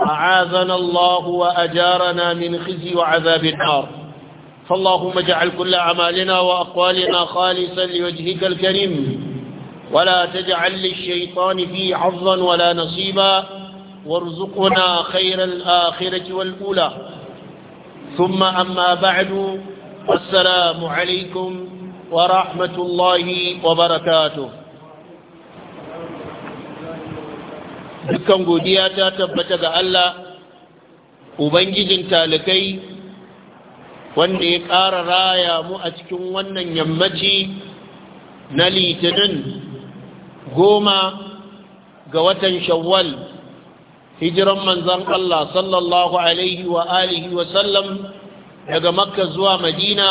أعاذنا الله وأجارنا من خزي وعذاب النار فاللهم اجعل كل أعمالنا وأقوالنا خالصا لوجهك الكريم ولا تجعل للشيطان فيه حظا ولا نصيبا وارزقنا خير الآخرة والأولى ثم أما بعد السلام عليكم ورحمة الله وبركاته dukkan godiya ta tabbata ga Allah ubangijin talikai wanda ya ƙara raya mu a cikin wannan yammaci na litinin goma ga watan shawwal hijiran manzan Allah sallallahu alaihi wa alihi wa sallam daga makka zuwa madina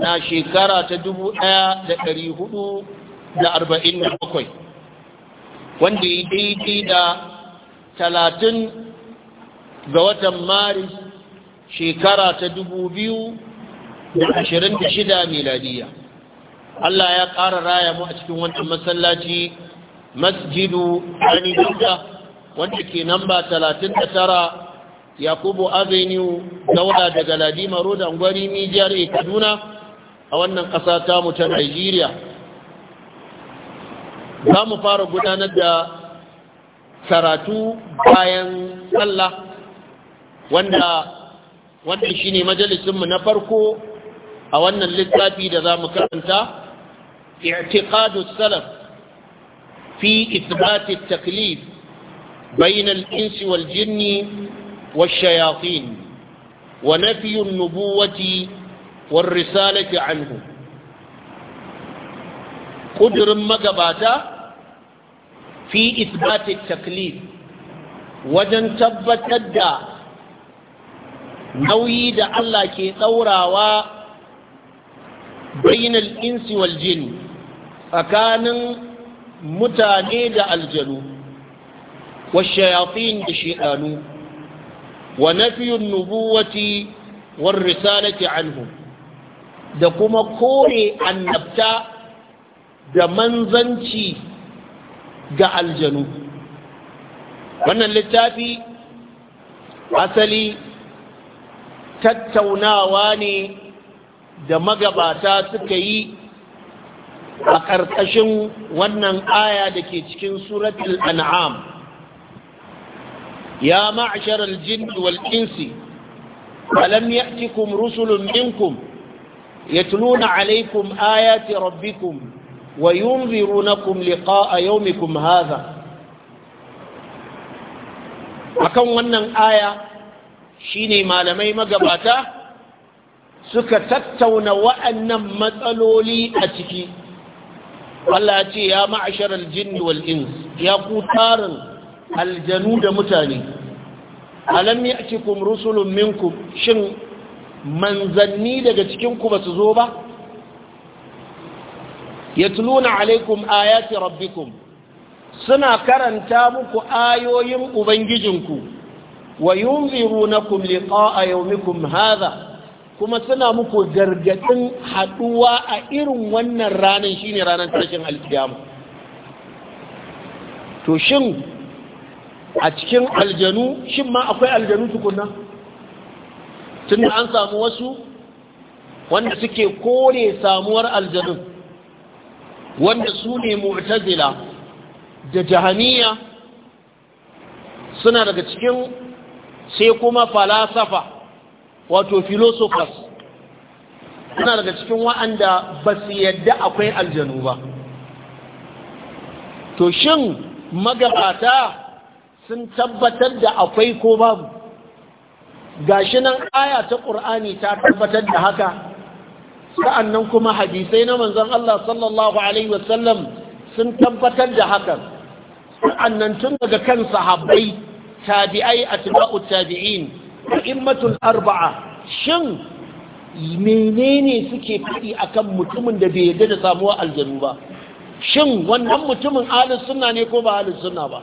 na shekara ta dubu ɗaya da ɗari huɗu da arba'in da bakwai. wanda ya daidai da talatin ga watan maris shekara ta dubu biyu da ashirin da shida miladiya Allah ya ƙara raya mu a cikin wannan masallaci masjidu ƙarni duka wanda ke namba talatin da tara yakubu avenue daura daga ladima road angwari mijiyar kaduna a wannan ƙasa tamu ta nigeria za mu fara gudanar da karatu bayan sallah wanda wannan shine majalisinmu na farko a wannan littafi da za mu karanta i'tiqadu salaf fi ithbat taklif bayna al-insi wal-jinni wa nafyu an-nubuwati war-risalati anhu kudurin magabata fi isbatit taklif wajen tabbatar da nauyi da Allah ke tsaurawa bainal insi wal jin tsakanin mutane da aljanu والشياطين بشيئانو ونفي النبوة والرسالة anhu da kuma kore annabta da manzanci ga aljanu wannan littafi asali tattaunawa ne da magabata suka yi a ƙarƙashin wannan aya da ke cikin suratul an'am ya ma'ashar aljin wal insi alam ya'tikum rusulun minkum yatluna alaykum ayati rabbikum وينذرونكم لقاء يومكم هذا akan wannan aya shine malamai magabata suka tattauna wa'annan matsaloli a ciki Allah ce ya ma'ashar aljin wal ins ya ku tarin aljanu da mutane alam ya'tikum rusulun minkum shin manzanni daga cikin ku basu zo ba yatluna alaikum ayati rabbikum suna karanta muku ayoyin ubangijinku wa yunzirunakum liqa'a yawmikum hadha kuma suna muku gargadin haduwa a irin wannan ranar shine ranar tashin alkiyama to shin a cikin aljanu shin ma akwai aljanu tukunna tunda an samu wasu wanda suke kore samuwar aljanun wanda su ne mu'tazila da jahaniya suna daga cikin sai kuma falasafa wato philosophers suna daga cikin wa'anda ba su yadda akwai aljanu ba to shin magabata sun tabbatar da akwai ko babu gashi nan aya ta ƙur'ani ta tabbatar da haka sa'annan kuma hadisai na manzon Allah sallallahu alaihi wasallam sun tabbatar da hakan sa'annan tun daga kan sahabbai tabi'ai atba'u tabi'in immatul arba'a shin menene suke faɗi akan mutumin da bai yarda da samuwa aljanu ba shin wannan mutumin Ali sunna ne ko ba ahlus sunna ba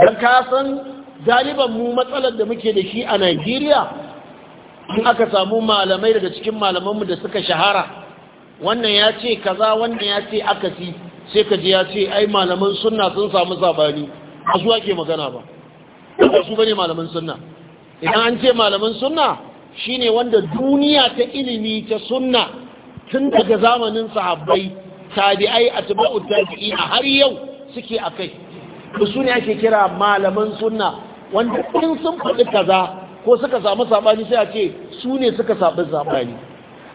dan ka san galiban mu matsalar da muke da shi a Najeriya in aka samu malamai daga cikin malamanmu da suka shahara wannan ya ce kaza wannan ya ce akasi sai ka ji ya ce ai malaman sunna sun samu sabani a zuwa ke magana ba da su bane malaman sunna idan an ce malaman sunna shine wanda duniya ta ilimi ta sunna tun daga zamanin sahabbai tabi'ai atba'u a har yau suke akai su ne ake kira malaman sunna wanda in sun faɗi kaza ko suka samu sabani sai a ce su ne suka sabu sabani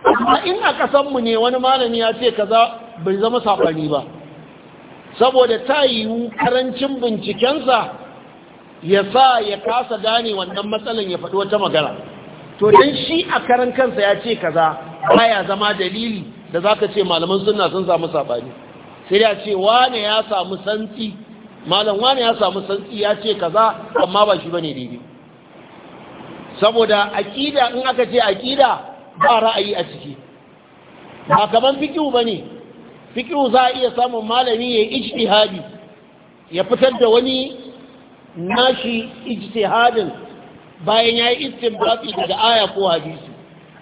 amma in a kasanmu ne wani malami ya ce kaza bai zama sabani ba saboda ta yiwu karancin bincikensa ya sa ya kasa gane wannan matsalan ya faɗi wata magana to dan shi a karan kansa ya ce kaza baya zama dalili da za ka ce malaman suna sun samu sabani sai ya ce wane ya samu santsi malam wane ya samu santsi ya ce kaza amma ba shi bane daidai saboda aƙida in aka ce aƙida ba ra'ayi a ciki ba kaman fikihu ba ne fikihu za a iya samun malami ya ijtihadi ya fitar da wani nashi ijtihadin bayan ya yi istinbati daga aya ko hadisi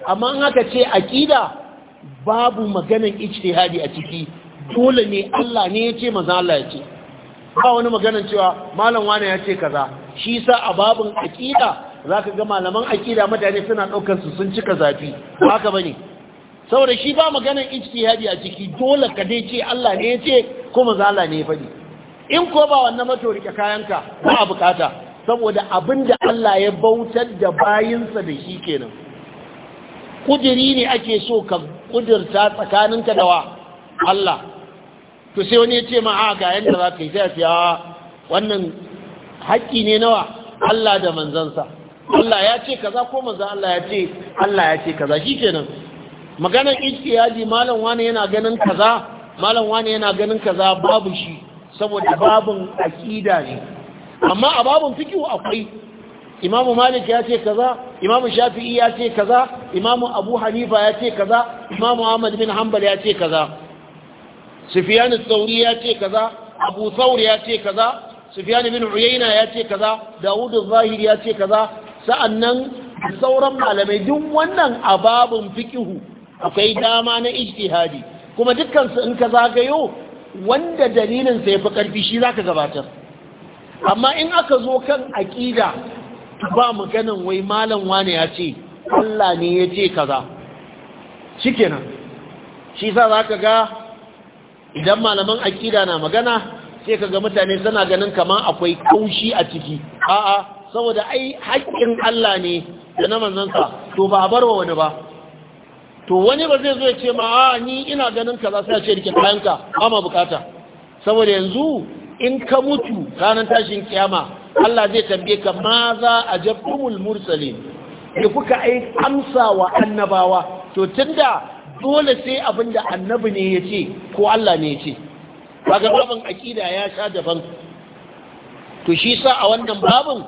amma in aka ce aƙida babu maganan ijtihadi a ciki dole ne Allah ne ya ce maza Allah ya ce ba wani maganan cewa malam wane ya ce kaza shi sa a babun aƙida za ka ga malaman aƙida mutane suna ɗaukansu sun cika zafi haka ba ne saboda shi ba maganar ijtihadi a ciki dole ka dai ce Allah ne ya ce kuma zala ne ya faɗi in ko ba wannan mato rike kayanka ba a bukata saboda abin da Allah ya bautar da bayinsa da shi kenan kudiri ne ake so ka kudirta tsakaninka da wa Allah to sai wani ya ce ma a ga yanda za ka yi sai a wannan haƙƙi ne nawa Allah da manzansa Allah ya ce kaza ko manzo Allah ya ce Allah ya ce kaza shikenan maganar ijtihadi malam wani yana ganin kaza malam wani yana ganin kaza babu shi saboda babun aqida ne amma a babun fiqh akwai imamu malik ya ce kaza imamu shafi'i ya ce kaza imamu abu hanifa ya ce kaza imamu ahmad bin hanbal ya ce kaza sufyan ath-thawri ya ce kaza abu thawr ya ce kaza sufyan bin uyayna ya ce kaza dawud az-zahiri ya ce kaza sa'annan sauran malamai duk wannan ababin fikihu akwai dama na ijtihadi kuma dukkansu in ka zagayo wanda dalilin sai fi karfi shi za ka gabatar amma in aka zo kan aƙida ba maganan wai malam wane ya ce Allah ne ya ce kaza shikenan shi sa za ka ga idan malaman aƙida na magana sai kaga mutane suna ganin kamar akwai kaushi a ciki a'a saboda ai haƙƙin Allah ne da na manzansa to ba a bar wa wani ba to wani ba zai zo ya ce ma a ni ina ganin ka za su ce rike kayanka ba ma bukata saboda yanzu in ka mutu ranar tashin kiyama Allah zai tambaye ka ma za a jabtumul mursalin da kuka ai amsa wa annabawa to tunda dole sai abinda annabi ne ya ce ko Allah ne ya ce ba ga babin akida ya sha daban to shi sa a wannan babin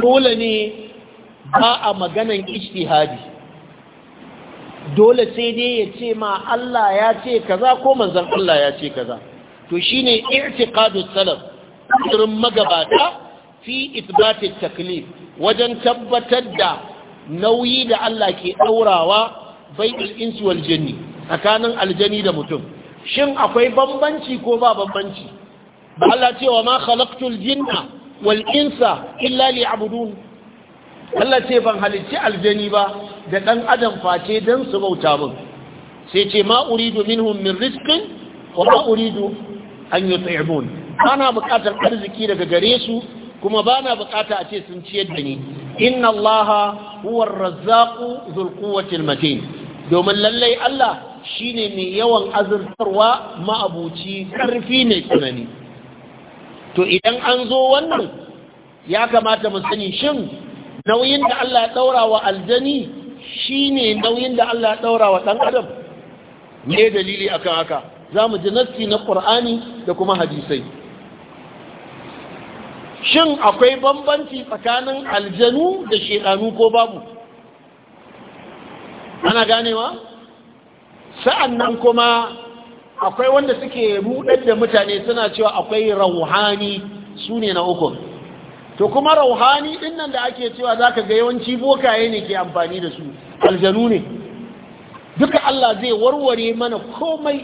dole ne ba a maganan hadi, dole sai dai ya ce ma Allah ya ce kaza ko manzon Allah ya ce kaza to shine i'tiqadus salaf irin magabata fi ithbat taklif wajen tabbatar da nauyi da Allah ke ɗaurawa bainal insi wal janni tsakanin aljani da mutum shin akwai bambanci ko ba bambanci Allah cewa ma khalaqtul jinna Wal'insa insa illa Allah ce ban halicci aljani ba da ɗan adam face don su bauta min sai ce ma uridu minhum min rizqin wa ma uridu an yut'imun ana buƙatar arziki daga gare su kuma bana buƙata a ce sun ciyar da ni inna allaha huwa ar-razzaqu domin lallai Allah shine mai yawan azurtarwa ma'abuci ƙarfi ne tsanani to idan an zo wannan ya kamata mu sani shin nauyin da Allah ya daura wa aljani shine nauyin da Allah ya daura wa dan adam me dalili akan haka zamu ji nassi na Qur'ani da kuma hadisai shin akwai bambanci tsakanin aljanu da shedanu ko babu ana ganewa sa'annan kuma akwai wanda suke buɗe da mutane suna cewa akwai rauhani su ne na uku to kuma rauhani din nan da ake cewa za ka ga yawanci bokaye ne ke amfani da su aljanu ne duka Allah zai warware mana komai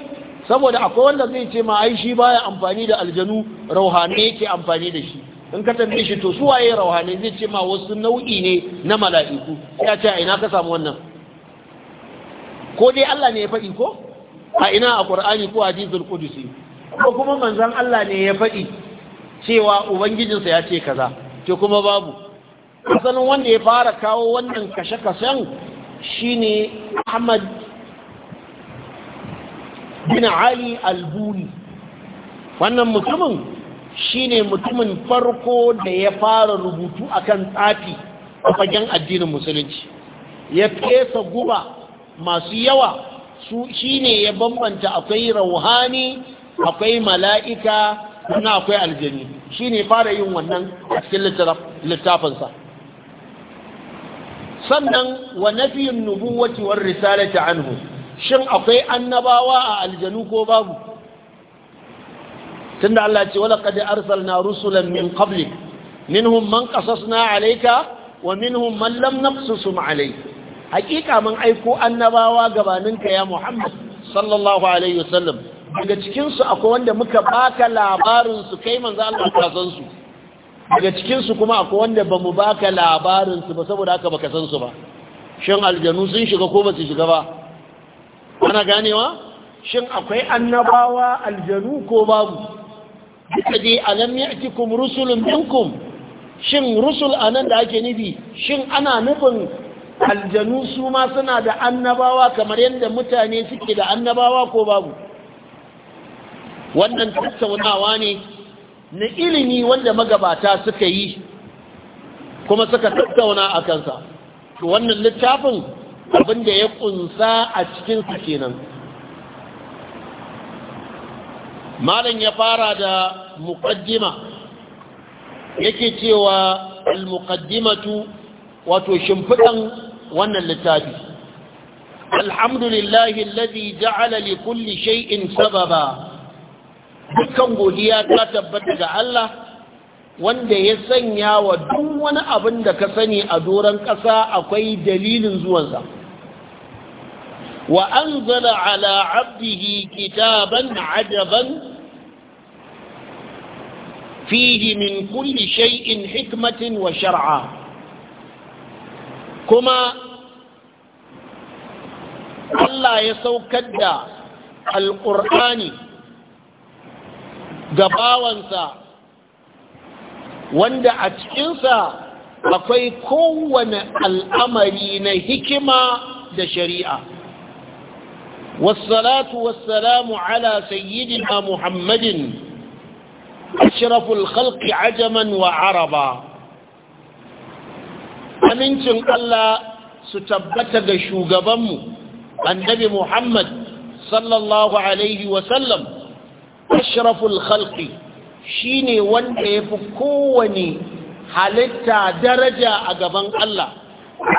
saboda akwai wanda zai ce ma ai shi baya amfani da aljanu rauhani yake amfani da shi in ka tambaye shi to su waye rauhani zai ce ma wasu nau'i ne na mala'iku ya ce ina ka samu wannan ko dai Allah ne ya faɗi ko a ina a ƙur'ani ko hadisul kudusi ko kuma manzon Allah ne ya faɗi cewa ubangijinsa ya ce kaza to kuma babu asalin wanda ya fara kawo wannan kashe-kashen shine Ahmad bin Ali al-Buni wannan mutumin shine mutumin farko da ya fara rubutu akan tsafi a fagen addinin musulunci ya fesa guba masu yawa su ne ya bambanta akwai rauhani akwai mala'ika na akwai aljani shine fara yin wannan a cikin littafinsa sannan wa nafiyin nubuwati war ta anhu shin akwai annabawa a aljanu ko babu tunda Allah ce wala qad arsalna rusulan min qablik minhum man qasasna alaika, wa minhum man lam naqsusum hakika mun aiko annabawa gabaninka ya Muhammad sallallahu alaihi wasallam daga cikin su akwai wanda muka baka labarin su kai manzo Allah ka san su daga cikin su kuma akwai wanda bamu baka labarin su ba saboda haka baka san su ba shin aljanu sun shiga ko ba su shiga ba ana ganewa shin akwai annabawa aljanu ko babu duka dai alam ya'tikum rusulun minkum shin rusul anan da ake nufi shin ana nufin aljanu su ma suna da annabawa kamar yadda mutane suke da annabawa ko babu wannan tattaunawa ne na ilimi wanda magabata suka yi kuma suka tattauna a kansa wannan littafin abinda ya kunsa a su kenan malam ya fara da muqaddima yake cewa al-muqaddimatu wato shimfidan wannan littafi alhamdulillahi alladhi ja'ala li kulli shay'in sababa dukkan godiya ta tabbata ga Allah wanda ya sanya wa duk wani abin da ka sani a doron ƙasa akwai dalilin zuwansa wa anzala ala abdihi kitaban ajaban فيه من كل hikmatin wa وشرعا kuma Allah ya saukar da alƙur'ani ga bawansa wanda a cikinsa akwai kowane al'amari na hikima da shari'a wasalatu wasalamu ala sayyidina muhammadin ashraful khalqi ajaman wa araba amincin Allah su tabbata ga shugabanmu annabi Muhammad sallallahu alaihi wasallam ashraful khalqi shine wanda yafi kowane halitta daraja a gaban Allah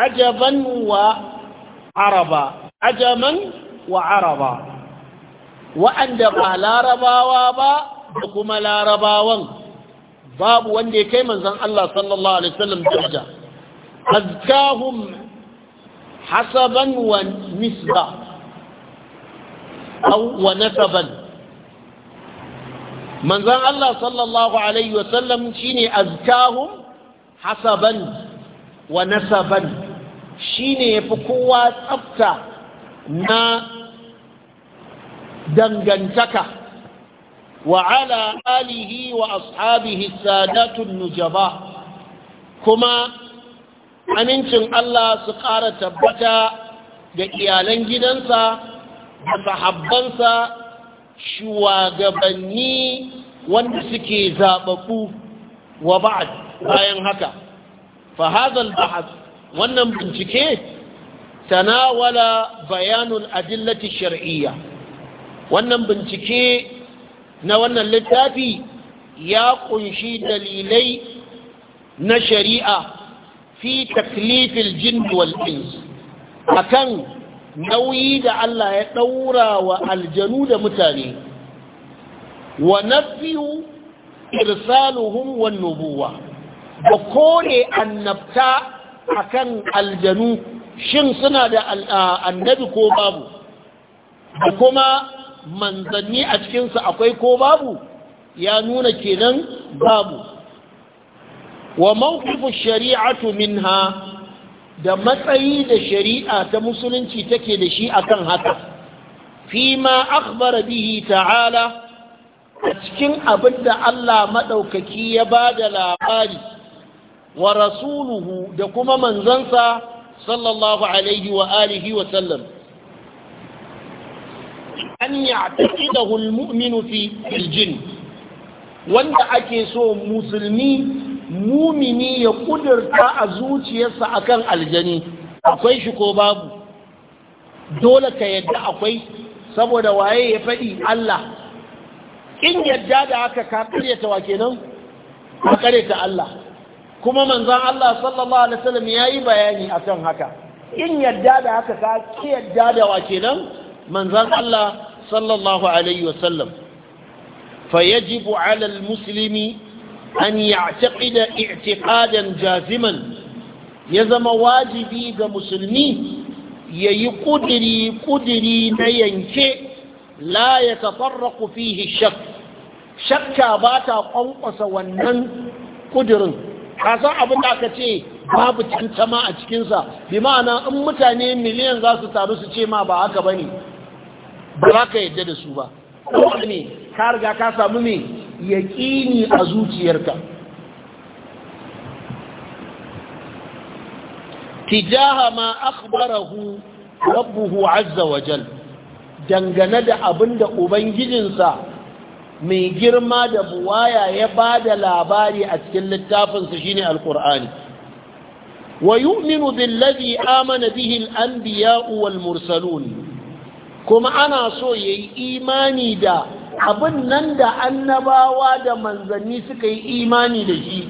ajaban wa araba ajaman wa araba wa'anda ba larabawa ba da kuma larabawan babu wanda ya kai manzon Allah sallallahu alaihi wasallam daraja أزكاهم حسبا ونسبة أو ونسبا من ذا الله صلى الله عليه وسلم شيني أزكاهم حسبا ونسبا شيني يفقوا أبتا نا دنجنتك وعلى آله وأصحابه السادات النجباء كما amincin Allah su ƙara tabbata ga iyalan gidansa da sahabbansa shugabanni wanda suke zaɓaɓu wa ba'ad bayan haka fahazal ba'ad wannan bincike tanawala bayanul adillati shar'iyya wannan bincike na wannan littafi ya ƙunshi dalilai na shari'a fi taklifil jin wal ins akan nauyi da Allah ya ɗaura wa aljanu da mutane wa nafiyu irsaluhum wan ba da kore annabta akan aljanu shin suna da annabi ko babu da kuma manzanni a cikinsu akwai ko babu ya nuna kenan babu wa mawqifu shari'atu minha da matsayi da shari'a ta musulunci take da shi akan haka fima akhbara bihi ta'ala a cikin abin da Allah maɗaukaki ya ba da labari wa rasuluhu da kuma manzansa sallallahu alaihi wa alihi wa sallam an ya'taqidahu al-mu'minu fi al-jinn wanda ake so musulmi mumini ya kudurta a zuciyarsa akan aljani akwai shi ko babu dole ka yadda akwai saboda waye ya faɗi Allah in yadda da haka ka karyata wa kenan ka ta Allah kuma manzan Allah sallallahu alaihi wasallam yi bayani akan haka in yadda da haka ka yadda da wa kenan manzon Allah sallallahu alaihi wasallam fayajibu ala almuslimi an ya'taqida i'tiqadan jaziman ya zama wajibi ga musulmi ya yi kudiri kudiri na yanke la yatafarraqu fihi shakk shakka ba ta kwankwasa wannan kudirin kasan abin da aka ce babu tantama a cikinsa bi ma'ana in mutane miliyan za su taru su ce ma ba haka ba ne ba za ka yadda da su ba ne ka riga ka samu ne yaƙini a zuciyarka tijaha ma akbarahu rabbuhu azza wa jal dangane da da ubangijinsa mai girma da buwaya ya ba da labari a cikin littafinsa shine alkur'ani wa yu'minu billazi amana bihi al-anbiya'u wal kuma ana so yayi imani da abin nan da annabawa da manzanni suka yi imani da shi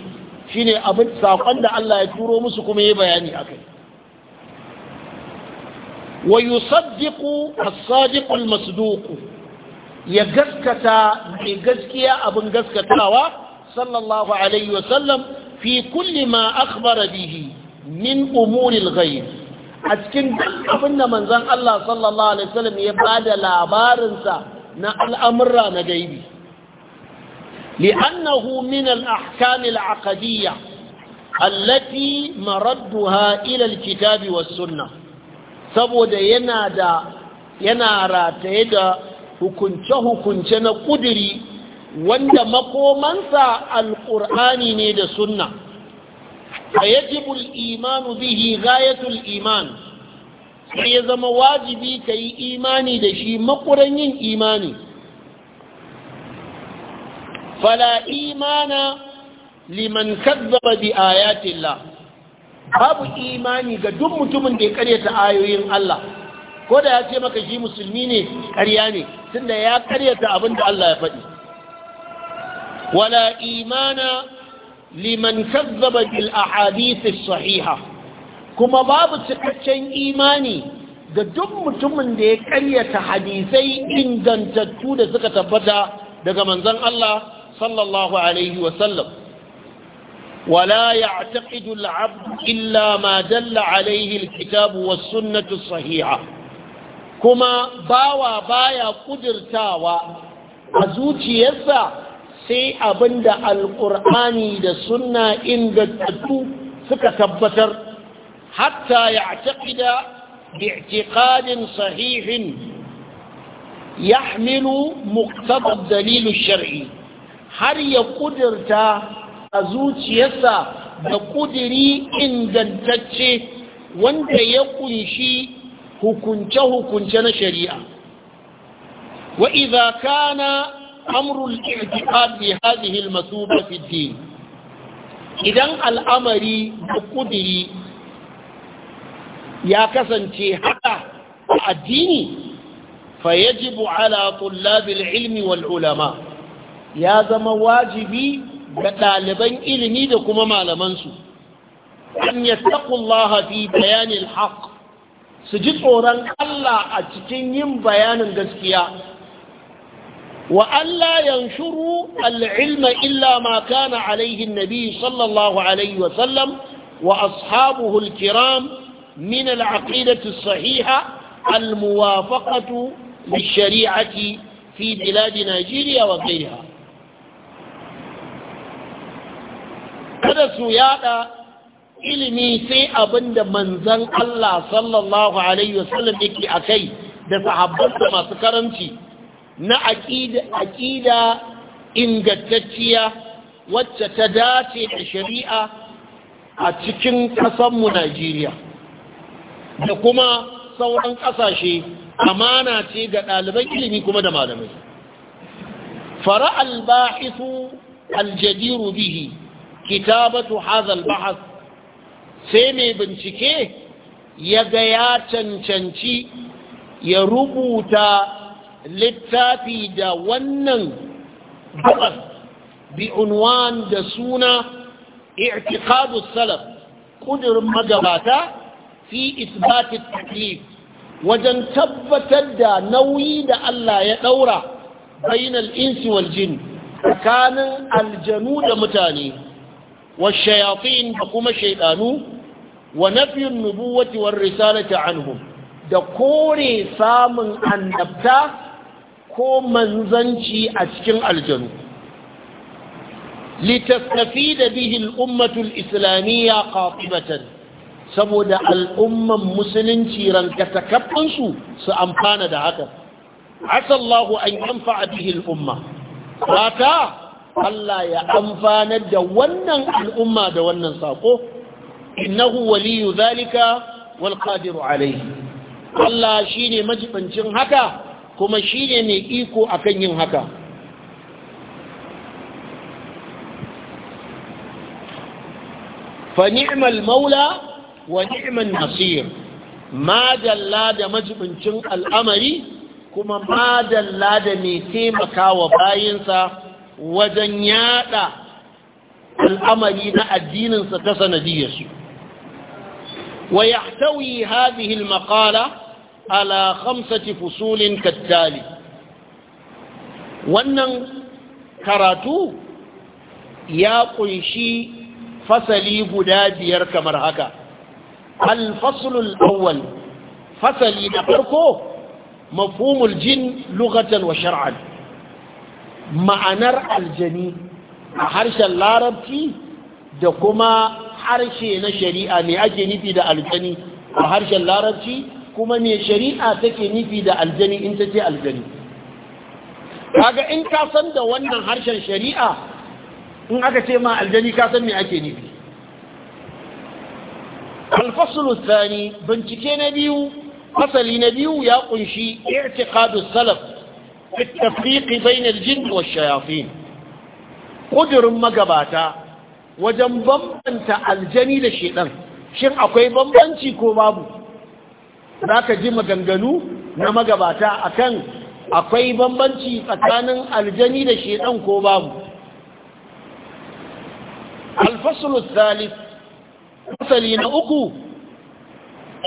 shine abin sakon da Allah ya turo musu kuma ya bayani akai wa yusaddiqu as-sadiqu al ya gaskata mai gaskiya abin gaskatawa sallallahu alaihi wa sallam fi kulli ma akhbara bihi min umuri ghaib a cikin duk abin da manzon Allah sallallahu alaihi wa sallam ya bada labarinsa na al'amurra na gaibi li'annahu min al-ahkam allati maradduha ha al-kitabi wasunna saboda yana da yana rataye da hukunce-hukunce na kudiri wanda makomansa alƙur'ani ne da sunna a yajibul imanu bihi gayatul iman sai ya zama wajibi ka yi imani da shi makuran yin imani fala imana liman kazzaba bi ayatillah babu imani ga duk mutumin da ya karyata ayoyin Allah ko da ya ce maka shi musulmi ne karya ne tunda ya karyata abin da Allah ya faɗi wala imana liman kazzaba bil ahadith sahiha kuma babu cikakken imani ga duk mutumin da ya karyata hadisai ingantattu da suka tabbata daga manzon Allah sallallahu alaihi wasallam ولا يعتقد العبد إلا ما دل عليه الكتاب والسنة الصحيحة كما باوى بايا قدر تاوى أزوتي يسا سي أبند القرآن دا سنة إن قد تتو سكتبتر حتى يعتقد باعتقاد صحيح يحمل مقتضى الدليل الشرعي har ya ƙudurta a zuciyarsa da ƙudiri ingantacce wanda ya kunshi hukunce-hukunce na shari'a waiza idza kana amrul i'tiqad bi hadhihi al-masuba idan al'amari da ƙudiri ya kasance haka a addini fa yajibu ala tullabil ilmi wal ulama ya zama wajibi ga ɗaliban ilimi da kuma malamansu an yattaqullaha fi bayanil haqq su ji tsoron Allah a cikin yin bayanin gaskiya wa Allah yanshuru al-ilma illa ma kana alaihi an-nabi sallallahu alaihi wa sallam wa ashabuhu al-kiram من العقيدة الصحيحة الموافقة للشريعة في بلاد نيجيريا وغيرها kada su yada ilimi sai abinda manzan Allah sallallahu alaihi wasallam yake a kai da sahabbansa masu karanci na aƙida ingantacciya wacce ta dace da shari'a a cikin ƙasarmu Najeriya da kuma sauran ƙasashe amana ce ga ɗaliban ilimi kuma da malamai fara albahisu aljadiru bihi kitabatu hazal bahas sai mai bincike ya ga ya cancanci ya rubuta littafi da wannan gabar bi unwan da suna irtikadu salaf kudurin magabata fi isbatit taklif wajen tabbatar da nauyi da Allah ya daura bainal insi wal jin tsakanin aljanu da mutane wa shayafin da kuma shaydanu wa nafyun nubuwati war risalati anhum da kore samun annabta ko manzanci a cikin aljanu لتستفيد ummatu الأمة islamiyya قاطبة saboda al'umman musulunci rankata kafansu su amfana da haka asallahu an a bihi al'umma fata Allah ya amfanar da wannan al'umma da wannan sako innahu waliyu zalika wal qadiru alayhi Allah shine majibancin haka kuma shine mai iko akan yin haka fa ni'mal maula wa ni'man nasir ma dalla da majibincin al'amari kuma madalla da mai taimakawa bayansa wajen yada al'amari na addininsa ta sanadiyarsu wa yahtawi hadhihi al-maqala ala khamsati fusulin kattali wannan karatu ya kunshi fasali guda biyar kamar haka alfasulul awwal fasali na farko mafhumul jin lughatan wa shar'an ma'anar aljani a harshen larabci da kuma harshe na shari'a ne ake nufi da aljani a harshen larabci kuma me shari'a take nufi da aljani in ta ce aljani kaga in ka san da wannan harshen shari'a in aka ce ma aljani ka san me ake nufi الفصل الثاني بنتكي نبيو فصل نبيو يا قنشي اعتقاد السلف في التفريق بين الجن والشياطين قدر مقباتا وجنبم أنت الجني لشيطان shin akwai bambanci ko babu za ka ji maganganu na magabata akan akwai bambanci tsakanin aljani da shedan ko babu asali na uku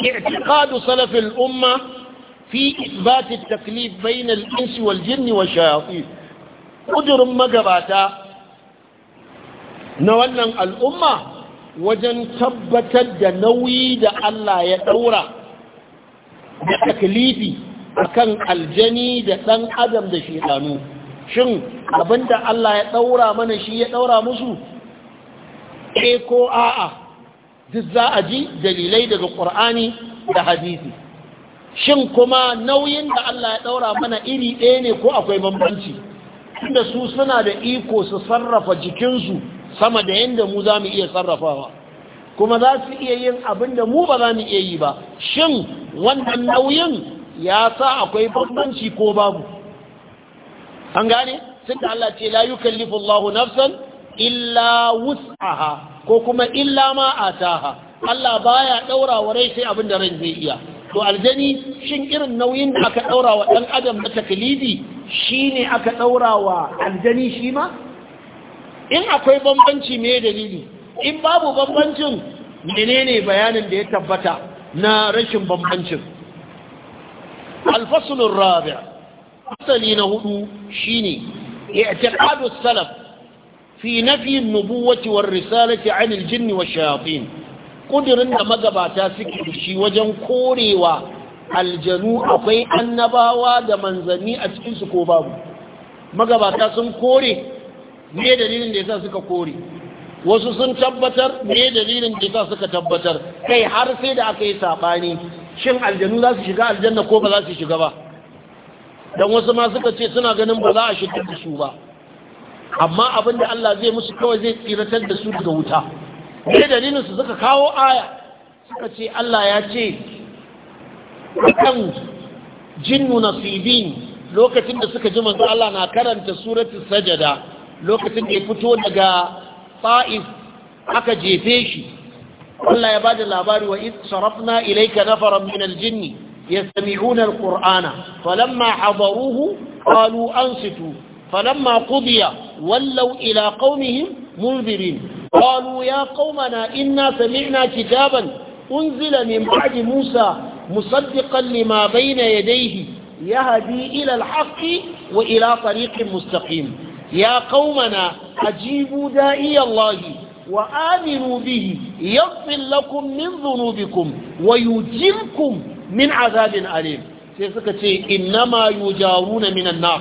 i'tiqadu salaf al-umma fi isbat at-taklif bain al-insi wal-jinni wash-shayatin kudurin magabata na wannan al'umma wajen tabbatar da nauyi da Allah ya ɗaura da taklifi akan aljani da ɗan adam da shedanu shin abinda Allah ya ɗaura mana shi ya ɗaura musu e ko a'a duk za a ji dalilai daga ƙur'ani da hadisi shin kuma nauyin da Allah ya ɗaura mana iri ɗaya ne ko akwai bambanci inda su suna da iko su sarrafa jikinsu sama da yadda mu za mu iya sarrafawa kuma za su iya yin abin da mu ba za mu iya yi ba shin wannan nauyin ya sa akwai bambanci ko babu an gane sun da Allah ce la yukallifu Allahu nafsan illa wus'aha ko kuma illa ma a taha, Allah baya ɗaurawa wa rai sai abin da zai iya to aljani shin irin nauyin da aka ɗaura wa ɗan adam na takalifi shine aka ɗaura wa aljani shi ma in akwai bambanci mai dalili in babu bambancin menene bayanin da ya tabbata na rashin bambancin alfasulun rabia asali na hudu shine i'tiqadu salaf fi nafi nubuwati war risalati an aljin wa shayatin kudirin da magabata suke shi wajen korewa aljanu akwai annabawa da manzanni a cikin su ko babu magabata sun kore me dalilin da yasa suka kore wasu sun tabbatar me dalilin da yasa suka tabbatar kai har sai da aka yi sabani shin aljanu za su shiga aljanna ko ba za su shiga ba dan wasu ma suka ce suna ganin ba za a shiga da su ba amma abin da Allah zai musu kawai zai tsiratar da su daga wuta ne dalilin su suka kawo aya suka ce Allah ya ce kan jinnu nasibin lokacin da suka ji manzo Allah na karanta suratu sajada lokacin da ya fito daga ta'if aka jefe shi Allah ya bada labari wa id sarafna ilayka nafaran min al-jinni yastami'una al-qur'ana falamma hadaruhu qalu ansitu فلما قضي ولوا إلى قومهم منذرين قالوا يا قومنا إنا سمعنا كتابا أنزل من بعد موسى مصدقا لما بين يديه يهدي إلى الحق وإلى طريق مستقيم يا قومنا أجيبوا داعي الله وآمنوا به يغفر لكم من ذنوبكم ويجركم من عذاب أليم سيسكتي إنما يجارون من النار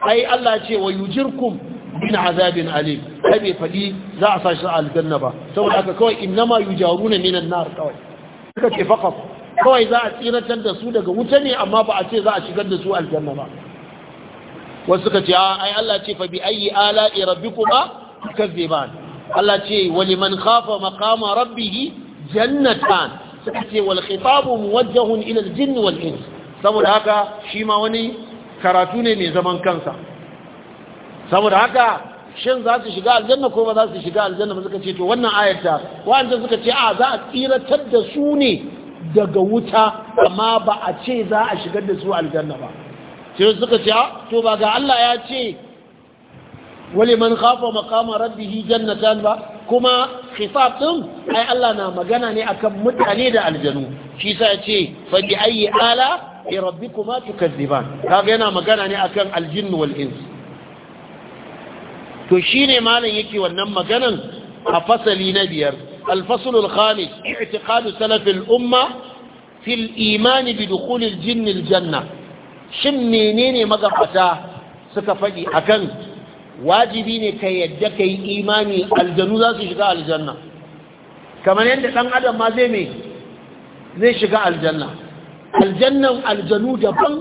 ai Allah ce wa yujirkum min azabin alim kai bai fadi za a sashi aljanna ba saboda aka kawai innama yujaruna minan nar kawai suka ce faqat kawai za a tsiratar da su daga wuta ne amma ba a ce za a shigar da su aljanna ba wasu suka ce ai Allah ce fa bi ayi ala'i rabbikuma tukazziban Allah ce wa liman khafa maqama rabbih jannatan suka ce wal khitabu muwajjahun ila al-jinn wal ins saboda haka shi ma wani karatu ne mai zaman kansa saboda haka shin za su shiga aljanna ko ba za su shiga aljanna ba suka ce to wannan ayata wanda suka ce a za a tsiratar da su ne daga wuta amma ba a ce za a shigar da su aljanna ba sai suka ce to ba ga Allah ya ce wali man khafa maqama rabbih jannatan ba kuma khitab din ai Allah na magana ne akan mutane da aljanu shi sa ya ce fa bi ayi ala li rabbikuma ziba kaga yana magana ne akan aljinn wal ins to shine malam yake wannan maganan a fasali na biyar الفصل الخامس اعتقاد umma, الأمة imani الإيمان بدخول jinnin janna shin menene magabata suka faɗi akan wajibi ne ka yadda ka yi imani aljanu za su shiga aljanna kamar yadda ɗan adam ma zai shiga aljanna aljannan aljanu daban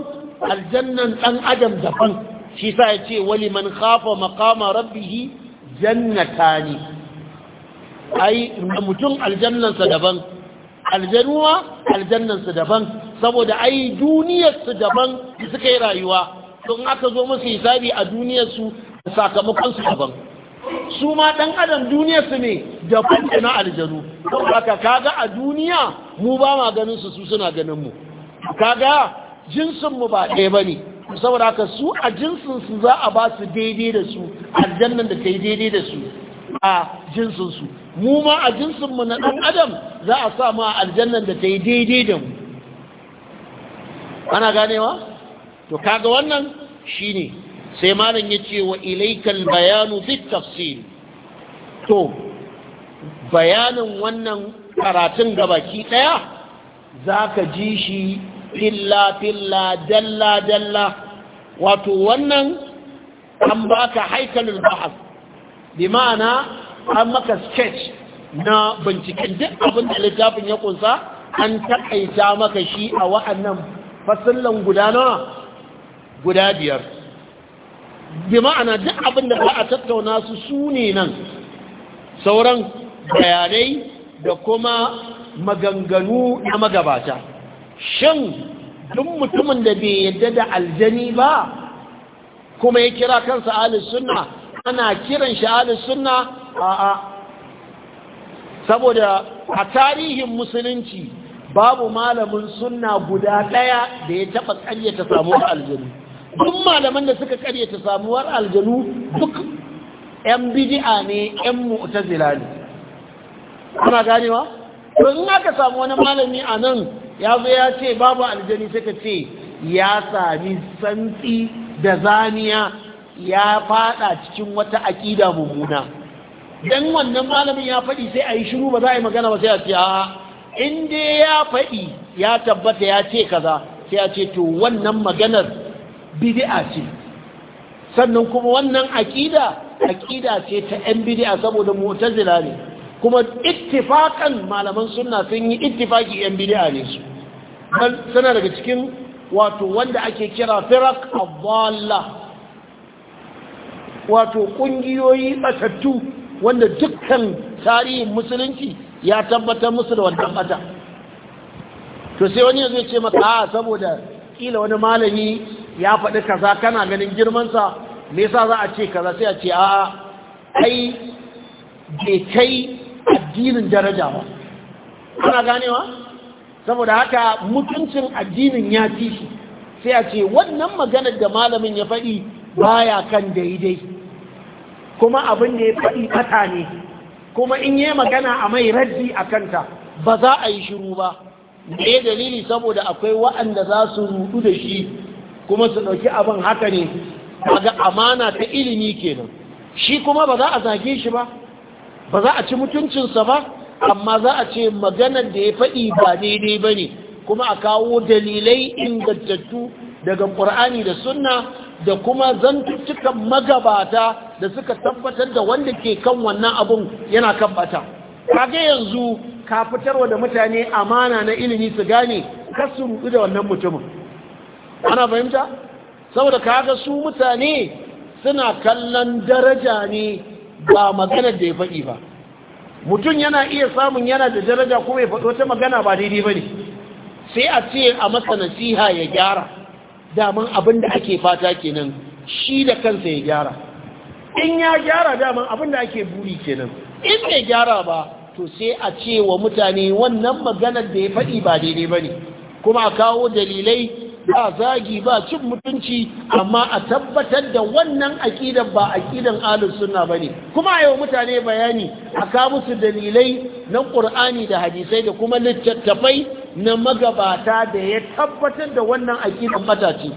aljannan dan adam daban shi sa ya ce wali man khafa maqama rabbih jannatani ai mutum aljannansa daban aljanuwa aljannansa daban saboda ai duniyarsu daban suka yi rayuwa don aka zo musu hisabi a duniyarsu sakamakonsu daban su ma ɗan adam duniyarsu ne daban da na aljanu don haka kaga a duniya mu ba ma ganin su su suna ganin mu kaga jinsin mu ba ɗaya bane saboda haka su a jinsin za a ba su daidai da su aljannan da ta yi daidai da su a jinsin mu ma a jinsin na ɗan adam za a sa mu a aljannan da ta yi daidai da mu ana ganewa to kaga wannan shine sai malam yace wa ilaikal bayanu bit tafsil to bayanin wannan karatun gabaki daya zaka ji shi filla filla dalla dalla wato wannan an baka haikalin bahas bi ma'ana an maka sketch na binciken duk littafin ya kunsa an takaita maka shi a wa'annan fasallan guda guda biyar bi ma'ana duk abin da a tattauna su su ne nan sauran bayanai da kuma maganganu na magabata shin duk mutumin da bai yadda da aljani ba kuma ya kira kansa ahli sunna ana kiran shi ahli sunna a'a saboda a tarihin musulunci babu malamin sunna guda daya da ya taba karyata samuwar aljanu duk malaman da suka karyata samuwar aljanu duk yan bid'a ne yan mu'tazila ne kuna ganewa to in aka samu wani malami a nan ya zo ya ce babu aljani suka ce ya sami santsi da zaniya ya fada cikin wata aƙida mummuna dan wannan malamin ya faɗi sai a yi shiru ba za a yi magana ba sai a ce a in dai ya faɗi ya tabbata ya ce kaza sai a ce to wannan maganar bidi'a ce sannan kuma wannan aƙida aƙida ce ta 'yan bid'a saboda mu'tazila ne kuma ittifakan malaman sunna sun yi ittifaki yan bid'a ne su sana daga cikin wato wanda ake kira firaq adalla wato kungiyoyi batattu wanda dukkan tarihin musulunci ya tabbatar musu da wannan bata to sai wani zai ce maka a saboda kila wani malami ya faɗi kaza kana ganin girmansa me yasa za a ce kaza sai a ce a'a ai bai kai addinin daraja ba ana ganewa saboda haka mutuncin addinin ya ci shi sai a ce wannan maganar da malamin ya faɗi baya kan daidai kuma abin da ya faɗi fata ne kuma in yi magana a mai raddi a kanta ba za a yi shiru ba me dalili saboda akwai wa'anda za su rudu da shi kuma su ɗauki abin haka ne ga amana ta ilimi kenan shi kuma ba za a zage shi ba ba za a ci mutuncinsa ba amma za a ce maganar da ya faɗi ba daidai ba ne kuma a kawo dalilai ingantattu daga ƙur'ani da sunna da kuma zantuttukan magabata da suka tabbatar da wanda ke kan wannan abun yana kan bata kaga yanzu ka fitarwa da mutane amana na ilimi su gane kasu da wannan mutumin ana fahimta saboda kaga su mutane suna kallon daraja ne ba maganar da ya faɗi ba mutum yana iya samun yana da daraja kuma ya faɗo ta magana ba daidai ba ne sai a ce a masa nasiha ya gyara daman abin da ake fata kenan shi da kansa ya gyara in ya gyara daman abin da ake buri kenan in bai gyara ba to sai a ce wa mutane wannan maganar da ya faɗi ba daidai ba ne kuma a kawo dalilai ba zagi ba cin mutunci amma a tabbatar da wannan aƙidan ba aƙidan suna ba ne kuma a yau mutane bayani a ka musu dalilai na ƙur'ani da hadisai da kuma littattafai na magabata da ya tabbatar da wannan aƙidan mataci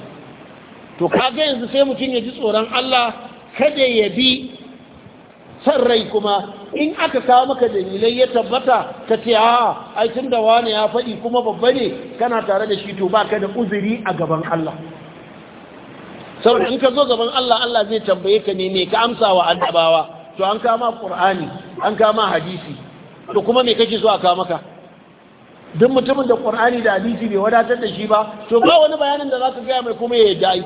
to kaga yanzu sai mutum ya ji tsoron Allah kada ya bi san rai kuma in aka kawo maka dalilai ya tabbata ka ce a ah, ai tun da wani ya faɗi kuma babba ne kana tare da shi to ba ka da uzuri a gaban Allah saboda in ka zo gaban Allah Allah zai tambaye ka ne me ka amsa wa addabawa to an kama qur'ani an kama hadisi to kuma me kake so a kawo maka duk mutumin da qur'ani da hadisi bai wadatar da shi ba to ba wani bayanin da zaka ga mai kuma ya yi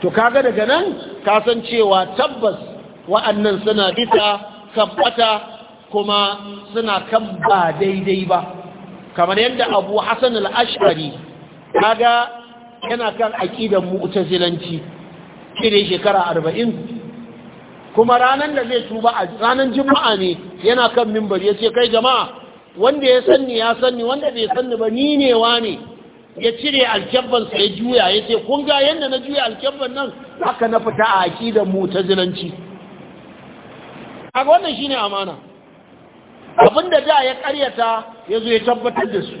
to kaga daga nan cewa tabbas wa'annan suna bisa tabbata kuma suna kan ba daidai ba kamar yadda abu hassan al'ashari kaga yana kan aƙidan zilanci shine shekara arba'in kuma ranar da zai tuba a ranar juma'a ne yana kan mimbar ya ce kai jama'a wanda ya sanni ya sanni wanda bai sanni ba ni ne wa ne ya cire alkyabbansa ya juya ya ce kun ga yadda na juya alkyabban nan haka na fita a aƙidar mu ta zinanci a wannan shi ne amana abinda da ya karyata ya zo ya tabbatar da su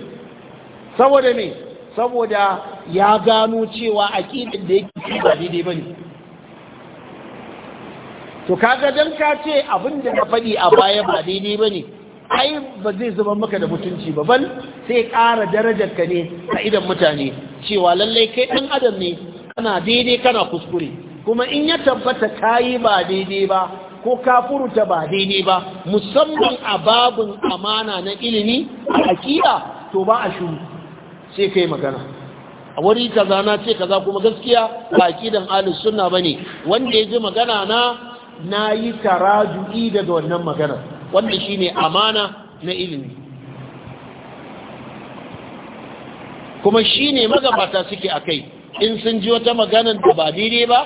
saboda ne saboda ya gano cewa ƙiɗin da yake ba daidai ba ne to kaga don ka ce abinda na faɗi a baya ba daidai ba ne ai ba zai zama maka da mutunci ba bal sai ƙara darajar ka ne a idan mutane cewa lallai kai ɗan adam ne kana daidai kana kuskure kuma in ya tabbata ka yi ba daidai ba ko ka furuta ba daidai ba musamman a babun amana na ilimi a aƙida to ba a shuru sai kai magana a wuri kaza na ce kaza kuma gaskiya ba aƙidan ahlus ba ne. wanda ya ji magana na na yi taraju'i daga wannan maganar wanda shine amana na ilimi kuma shine magabata suke a kai in sun ji wata maganar da ba daidai ba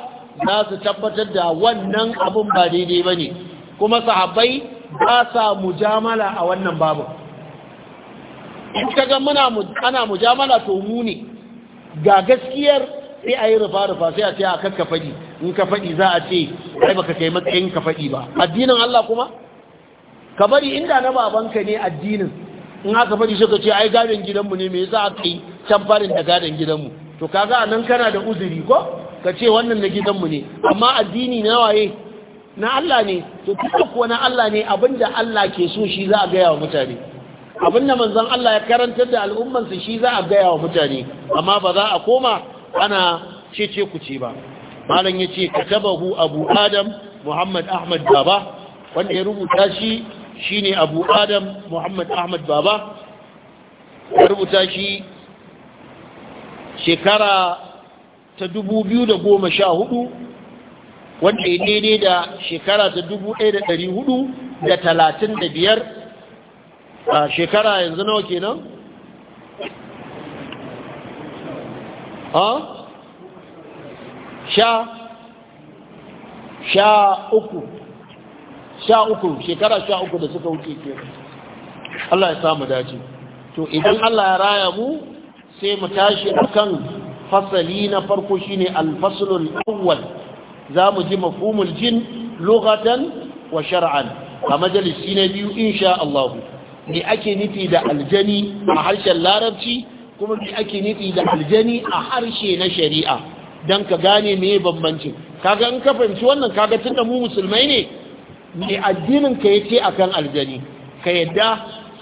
za su tabbatar da wannan abun ba daidai ba ne kuma sahabbai ba sa mujamala a wannan babu in kaga muna ana mujamala to mu ne ga gaskiyar sai a yi rufa-rufa sai a ce a kakka faɗi in ka faɗi za a ce ai ka kai matsayin ka faɗi ba addinin Allah kuma ka bari inda na babanka ne addinin in aka bari suka ce ai gadon gidanmu ne me yasa aka yi can farin da gadon gidanmu to kaga nan kana da uzuri ko ka ce wannan na gidanmu ne amma addini na waye na Allah ne to duk kuwa na Allah ne abinda Allah ke so shi za a gaya wa mutane abinda manzon Allah ya karantar da al'ummansu shi za a gaya wa mutane amma ba za a koma ana cece ce ba malam yace katabahu abu adam muhammad ahmad baba wanda ya rubuta shi shine abu adam muhammad ahmad baba ya rubuta shi shekara ta 2014 wanda ya daidai da shekara ta 1435 a shekara yanzu nawa kenan? ha? sha sha uku sha uku shekara sha uku da suka wuce ke Allah ya samu dace to idan Allah ya raya mu sai mu tashi akan fasali na farko shine al-faslul awwal zamu ji mafhumul jin lughatan wa shar'an a majalisi na biyu insha Allah me ake nufi da aljani a harshen larabci kuma me ake nufi da aljani a harshe na shari'a dan ka gane me bambancin kaga in ka fahimci wannan kaga tunda mu musulmai ne mai addinin ka yace akan aljani ka yadda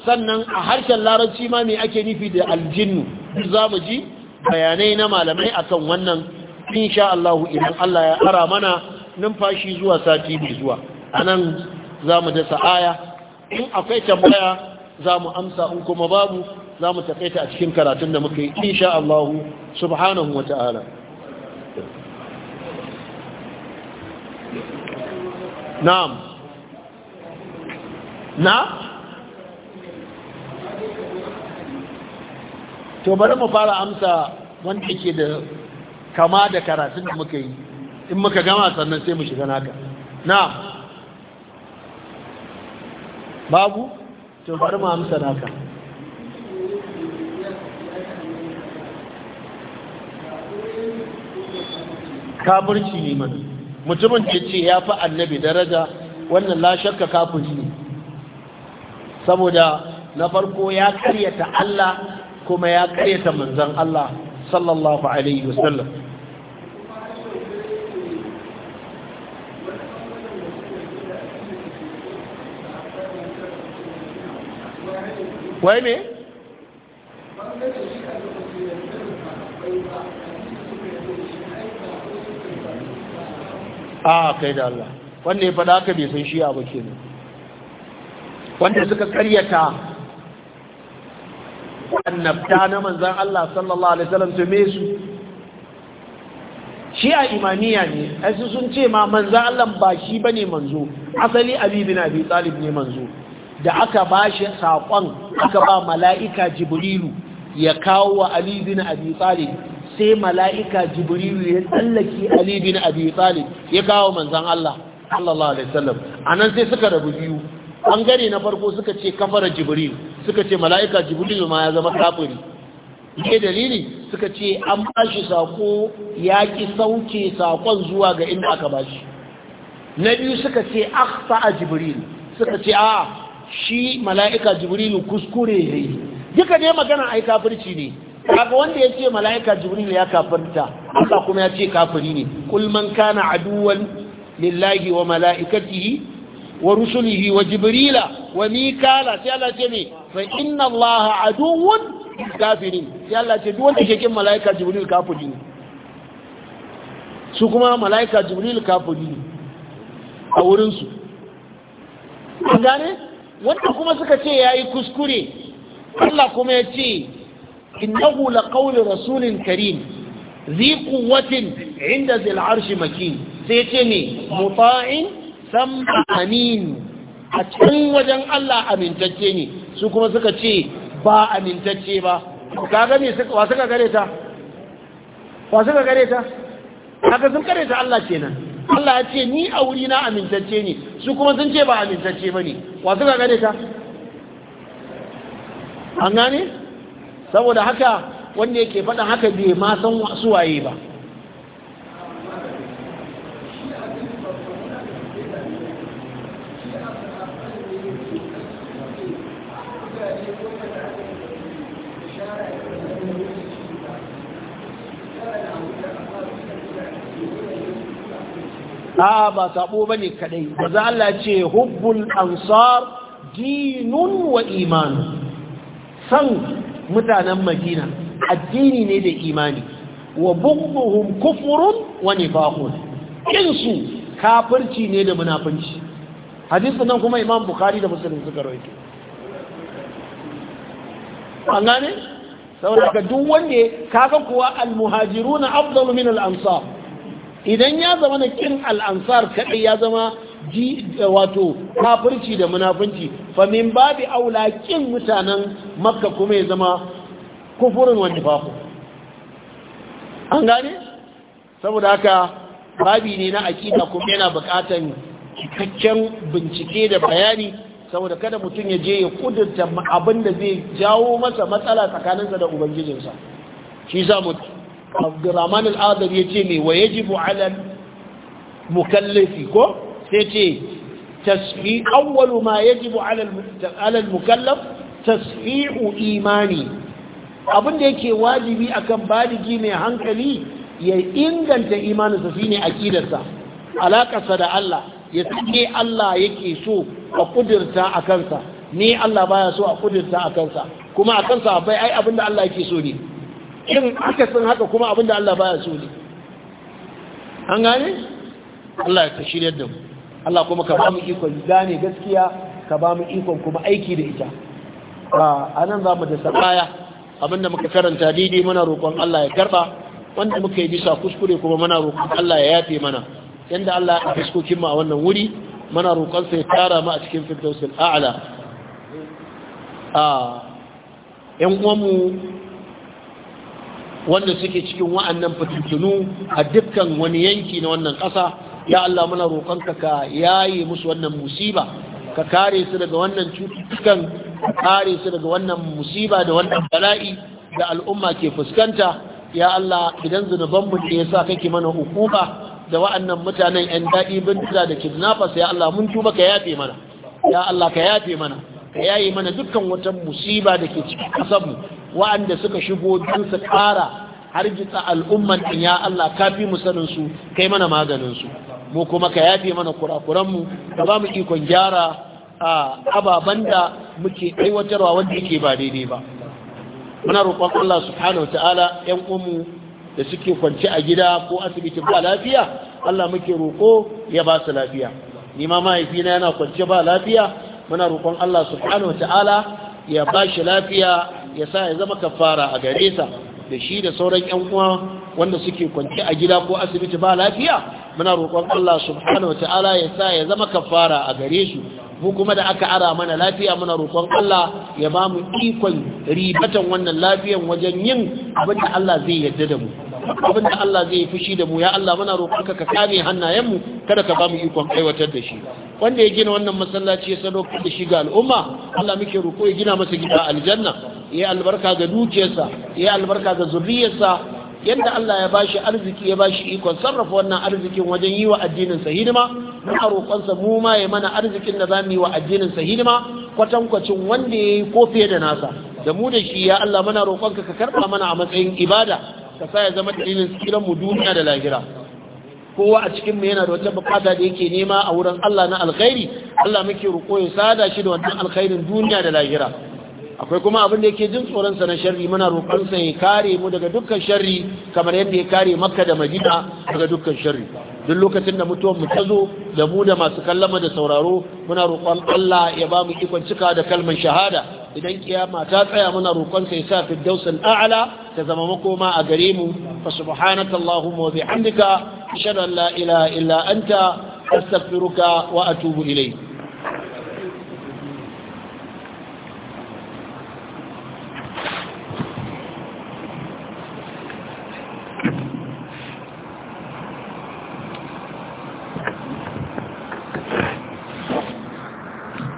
sannan a harshen larabci ma me ake nufi da aljinnu za mu ji bayanai na malamai akan wannan insha Allah idan Allah ya ara mana numfashi zuwa sati mai zuwa anan zamu dasa aya in akwai tambaya zamu amsa in kuma babu zamu takaita a cikin karatun da muka yi insha Allah subhanahu wataala na'am na to bari mu fara amsa wanda ke da kama da karatun da muka yi in muka gama sannan sai mu shiga naka na babu to bari mu amsa naka kafirci ne mana mutumin ce ce ya fi annabi daraja wannan la shakka kafirci ne saboda na farko ya karyata Allah kuma ya karyata manzan Allah sallallahu alaihi wasallam wai me a ah, kai da Allah wanda ya faɗa ka bai san shi abu kenan wanda suka karyata annabta na manzan Allah sallallahu alaihi wasallam to me su shi a imaniya ne asu sun ce ma manzan Allah ba shi bane manzo asali abi bin abi talib ne manzo da aka ba shi saƙon aka ba mala'ika jibrilu ya kawo wa ali bin abi talib sai mala'ika jibrilu ya tsallake ali bin abi talib ya kawo manzan Allah sallallahu alaihi wasallam anan sai suka rabu biyu ɓangare na farko suka ce kafara jibril suka ce mala'ika jibril ma ya zama kafiri ke dalili suka ce an ba shi sako ya ki sauke sakon zuwa ga inda aka ba shi na biyu suka ce akhta a jibril suka ce a shi mala'ika jibril kuskure ne yi duka ne magana ai kafirci ne kaga wanda ya ce mala'ika jibril ya kafirta haka kuma ya ce kafiri ne kulman kana aduwan lillahi wa mala'ikatihi wa rusulihi wa jibrila wa mikala sai Allah ce ne fa inna Allah aduwwun kafirin sai Allah ce duk wanda ke kin malaika jibril kafiri ne su kuma malaika jibril kafiri ne a wurin su wanda kuma suka ce yayi kuskure Allah kuma ya ce innahu laqawlu rasulin karim zi ذي قوة عند ذي العرش مكين سيتني مطاع samma amin a can wajen Allah amintacce ne su kuma suka ce ba amintacce ba ka gane wa suka gare ta wa suka gare ta haka sun gare ta Allah kenan Allah ya ce ni a wuri na amintacce ne su kuma sun ce ba amintacce ba ne wa suka gare ta an gane saboda haka wanda yake faɗin haka bai ma san wasu waye ba a ba sabo bane kadai maza Allah ce hubbul ansar dinun wa imanu san mutanen madina addini ne da imani wa bughdhum kufrun wa nifaqun kinsu kafirci ne da munafinci hadisi nan kuma imam bukhari da muslim suka rawaito an gane saboda duk wanda kaga kuwa al-muhajiruna afdalu min al-ansar idan ya zama na kin al'ansar kaɗai ya zama wato kafirci da munafunci famin babi aula kin mutanen makka kuma ya zama kufurin wani fafo an gane saboda haka babi ne na akida kuma yana bukatan cikakken bincike da bayani saboda kada mutum ya je ya kudurta abinda zai jawo masa matsala tsakaninsa da ubangijinsa shi za mutum abdurrahman al'adar ya ce mai wa ya ji mukallafi ko sai ce tasfi awwalu ma ya ji bu'alar mukallaf tasfi'u imani abinda yake wajibi akan baligi mai hankali ya inganta imanin shi ne aƙidarsa alakarsa da Allah ya tsaye Allah yake so a kudurta a kansa ne Allah baya so a kudurta a kansa kuma a kansa bai ai abinda Allah yake so ne irin akasin haka kuma abinda Allah baya so ne an gane Allah ya shirya da mu Allah kuma ka ba mu ikon gane gaskiya ka ba mu ikon kuma aiki da ita a nan za mu da sabaya abinda muka karanta daidai mana roƙon Allah ya karba wanda muka yi bisa kuskure kuma mana roƙon Allah ya yafe mana yanda Allah ya fuskokin mu a wannan wuri mana roƙon sa ya tara mu a cikin firdausul a'la a yan mu. wanda suke cikin wa'annan fitintunu a dukkan wani yanki na wannan ƙasa ya Allah muna roƙonka ka yaye musu wannan musiba ka kare su daga wannan cututtukan ka kare su daga wannan musiba da wannan bala'i da al'umma ke fuskanta ya Allah idan zunubanmu da yasa kake mana hukuma da wa'annan mutanen 'yan daɗi bindiga da kidnappers ya Allah mun tuba ka yafe mana ya Allah ka yafe mana ka yayi mana dukkan wata musiba da ke cikin ƙasarmu wa'anda suka shigo don su ƙara hargitsa al'umman ɗin ya Allah ka fi mu sanin su kai mana maganin su mu kuma ka yafe mana kurakuranmu ka ba mu ikon gyara a ababen da muke aiwatarwa wanda yake ba daidai ba muna roƙon Allah subhanahu wa ta'ala ƴan umu da suke kwance a gida ko asibiti ba lafiya Allah muke roƙo ya ba su lafiya ni ma mahaifina yana kwance ba lafiya muna roƙon Allah subhanahu ta'ala ya ba shi lafiya ya sa ya zama kafara a gare sa da shi da sauran ƴan uwa wanda suke kwance a gida ko asibiti ba lafiya muna roƙon Allah subhanahu ta'ala ya sa ya zama kafara a gare su mu kuma da aka ara mana lafiya muna roƙon Allah ya ba mu ikon ribatan wannan lafiyan wajen yin abin da Allah zai yarda da mu abin da Allah zai fushi da mu ya Allah muna roƙonka ka kame hannayenmu kada ka bamu ikon aiwatar da shi wanda ya gina wannan masallaci ya sadaukar da shi ga al'umma Allah muke roƙo ya gina masa gida aljanna ya albarka ga dukiyarsa ya albarka ga zuriyarsa yadda Allah ya bashi arziki ya bashi ikon sarrafa wannan arzikin wajen yi wa addinin sa hidima muna roƙonsa mu ma ya mana arzikin da zamu yi wa addinin sa hidima kwatankwacin wanda yayi ko fiye da nasa da mu da shi ya Allah muna roƙonka ka karɓa mana a matsayin ibada ka sa ya zama dalilin tsiran mu duniya da lahira kowa a cikin mu yana da wata bukata da yake nema a wurin Allah na alkhairi Allah muke roƙo ya sada shi da wannan alkhairin duniya da lahira akwai kuma abin da yake jin tsoron sa na sharri muna roƙon sa ya kare mu daga dukkan sharri kamar yadda ya kare Makka da Madina daga dukkan sharri duk lokacin da mutuwar mu ta zo da mu da masu kallama da sauraro muna roƙon Allah ya ba mu ikon cika da kalmar shahada idan kiyama ta tsaya muna roƙon sa ya sa firdausul a'la ta zama makoma a gare mu fa subhanaka allahumma wa bihamdika ashhadu an la ilaha illa anta astaghfiruka wa atubu ilayk